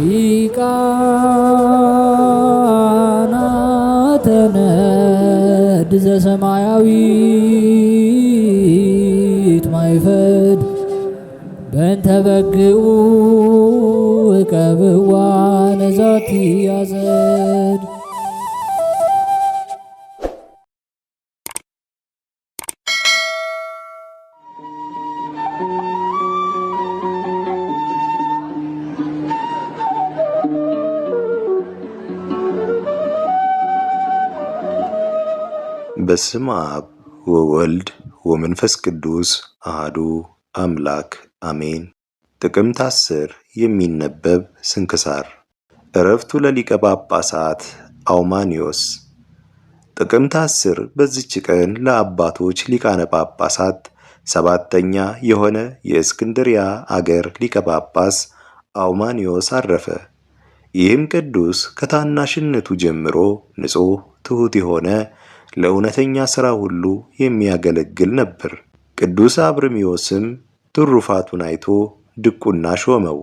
ሊቃና ተነድ ዘሰማያዊት ማይፈድ በእንተ እቀብዋ ነዛቲ በስም አብ ወወልድ ወመንፈስ ቅዱስ አህዱ አምላክ አሜን። ጥቅምት አስር የሚነበብ ስንክሳር እረፍቱ ለሊቀ ጳጳሳት አውማኒዮስ። ጥቅምት አስር በዚች ቀን ለአባቶች ሊቃነ ጳጳሳት ሰባተኛ የሆነ የእስክንድሪያ አገር ሊቀ ጳጳስ አውማኒዮስ አረፈ። ይህም ቅዱስ ከታናሽነቱ ጀምሮ ንጹሕ ትሑት የሆነ ለእውነተኛ ሥራ ሁሉ የሚያገለግል ነበር። ቅዱስ አብርሚዮስም ትሩፋቱን አይቶ ድቁና ሾመው።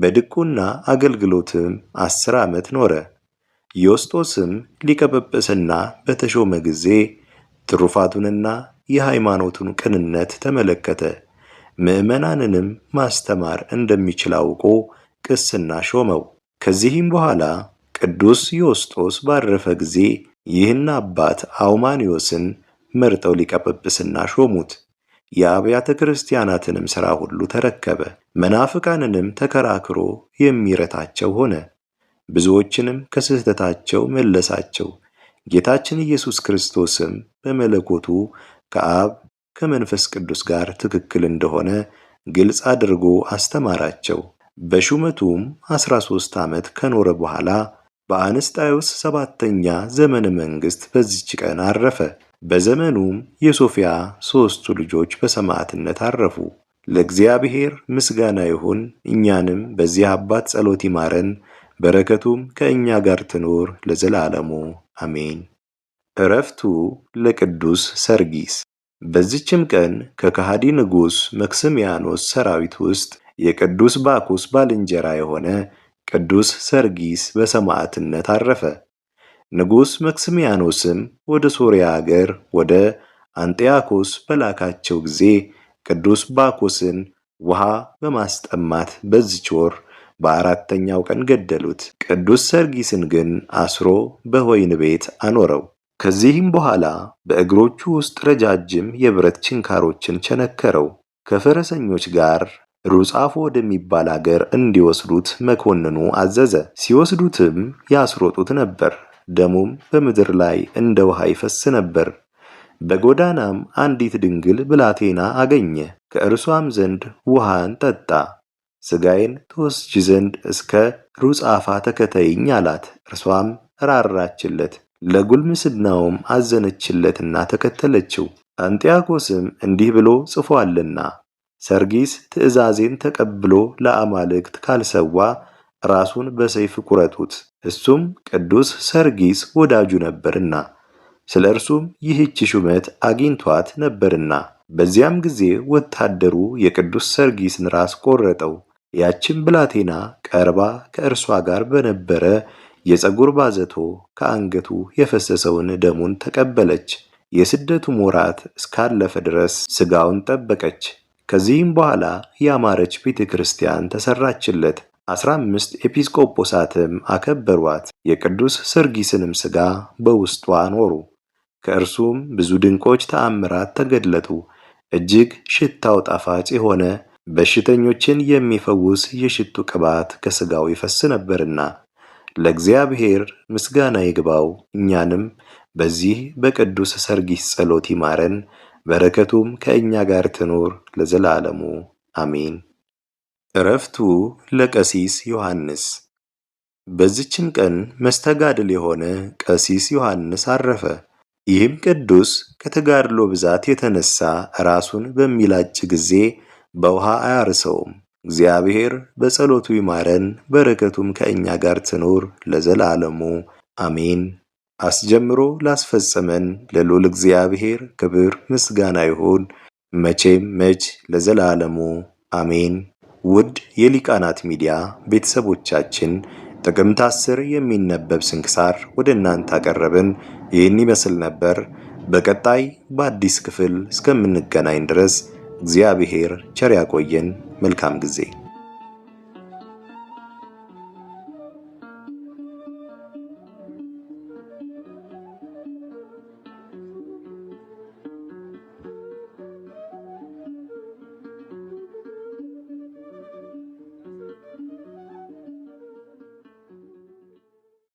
በድቁና አገልግሎትም አስር ዓመት ኖረ። ዮስጦስም ሊቀ-ጵጵስና በተሾመ ጊዜ ትሩፋቱንና የሃይማኖቱን ቅንነት ተመለከተ። ምዕመናንንም ማስተማር እንደሚችል አውቆ ቅስና ሾመው። ከዚህም በኋላ ቅዱስ ዮስጦስ ባረፈ ጊዜ ይህን አባት አውማኒዮስን መርጠው ሊቀ ሾሙት። የአብያተ ክርስቲያናትንም ሥራ ሁሉ ተረከበ። መናፍቃንንም ተከራክሮ የሚረታቸው ሆነ። ብዙዎችንም ከስህተታቸው መለሳቸው። ጌታችን ኢየሱስ ክርስቶስም በመለኮቱ ከአብ ከመንፈስ ቅዱስ ጋር ትክክል እንደሆነ ግልጽ አድርጎ አስተማራቸው። በሹመቱም ዐሥራ ስት ዓመት ከኖረ በኋላ በአንስጣዮስ ሰባተኛ ዘመነ መንግስት በዚች ቀን አረፈ። በዘመኑም የሶፊያ ሦስቱ ልጆች በሰማዕትነት አረፉ። ለእግዚአብሔር ምስጋና ይሁን፣ እኛንም በዚህ አባት ጸሎት ይማረን፣ በረከቱም ከእኛ ጋር ትኖር ለዘላለሙ አሜን። እረፍቱ ለቅዱስ ሰርጊስ። በዚችም ቀን ከከሃዲ ንጉሥ መክስሚያኖስ ሰራዊት ውስጥ የቅዱስ ባኩስ ባልንጀራ የሆነ ቅዱስ ሰርጊስ በሰማዕትነት አረፈ። ንጉሥ መክስሚያኖስም ወደ ሶርያ አገር ወደ አንጢያኮስ በላካቸው ጊዜ ቅዱስ ባኮስን ውሃ በማስጠማት በዚች ወር በአራተኛው ቀን ገደሉት። ቅዱስ ሰርጊስን ግን አስሮ በወይን ቤት አኖረው። ከዚህም በኋላ በእግሮቹ ውስጥ ረጃጅም የብረት ችንካሮችን ቸነከረው። ከፈረሰኞች ጋር ሩጻፎ ወደሚባል አገር እንዲወስዱት መኮንኑ አዘዘ። ሲወስዱትም ያስሮጡት ነበር። ደሙም በምድር ላይ እንደ ውሃ ይፈስ ነበር። በጎዳናም አንዲት ድንግል ብላቴና አገኘ። ከእርሷም ዘንድ ውሃን ጠጣ። ሥጋዬን ትወስጂ ዘንድ እስከ ሩጻፋ ተከተይኝ አላት። እርሷም ራራችለት፣ ለጉልምስናውም አዘነችለትና ተከተለችው። አንጢያኮስም እንዲህ ብሎ ጽፏልና። ሰርጊስ ትእዛዜን ተቀብሎ ለአማልክት ካልሰዋ ራሱን በሰይፍ ቁረጡት፣ እሱም ቅዱስ ሰርጊስ ወዳጁ ነበርና ስለ እርሱም ይህች ሹመት አግኝቷት ነበርና። በዚያም ጊዜ ወታደሩ የቅዱስ ሰርጊስን ራስ ቆረጠው። ያችን ብላቴና ቀርባ ከእርሷ ጋር በነበረ የፀጉር ባዘቶ ከአንገቱ የፈሰሰውን ደሙን ተቀበለች። የስደቱ ሞራት እስካለፈ ድረስ ስጋውን ጠበቀች። ከዚህም በኋላ ያማረች ቤተ ክርስቲያን ተሰራችለት። አስራ አምስት ኤጲስቆጶሳትም አከበሯት። የቅዱስ ሰርጊስንም ሥጋ በውስጧ ኖሩ። ከእርሱም ብዙ ድንቆች ተአምራት ተገድለቱ። እጅግ ሽታው ጣፋጭ የሆነ በሽተኞችን የሚፈውስ የሽቱ ቅባት ከሥጋው ይፈስ ነበርና ለእግዚአብሔር ምስጋና ይግባው። እኛንም በዚህ በቅዱስ ሰርጊስ ጸሎት ይማረን በረከቱም ከእኛ ጋር ትኖር ለዘላለሙ አሜን። እረፍቱ ለቀሲስ ዮሐንስ። በዚችም ቀን መስተጋድል የሆነ ቀሲስ ዮሐንስ አረፈ። ይህም ቅዱስ ከተጋድሎ ብዛት የተነሳ ራሱን በሚላጭ ጊዜ በውሃ አያርሰውም። እግዚአብሔር በጸሎቱ ይማረን፣ በረከቱም ከእኛ ጋር ትኖር ለዘላለሙ አሜን። አስጀምሮ ላስፈጸመን ለልዑል እግዚአብሔር ክብር ምስጋና ይሁን መቼም መች ለዘላለሙ አሜን። ውድ የሊቃናት ሚዲያ ቤተሰቦቻችን ጥቅምት አስር የሚነበብ ስንክሳር ወደ እናንተ አቀረብን። ይህን ይመስል ነበር። በቀጣይ በአዲስ ክፍል እስከምንገናኝ ድረስ እግዚአብሔር ቸር ያቆየን። መልካም ጊዜ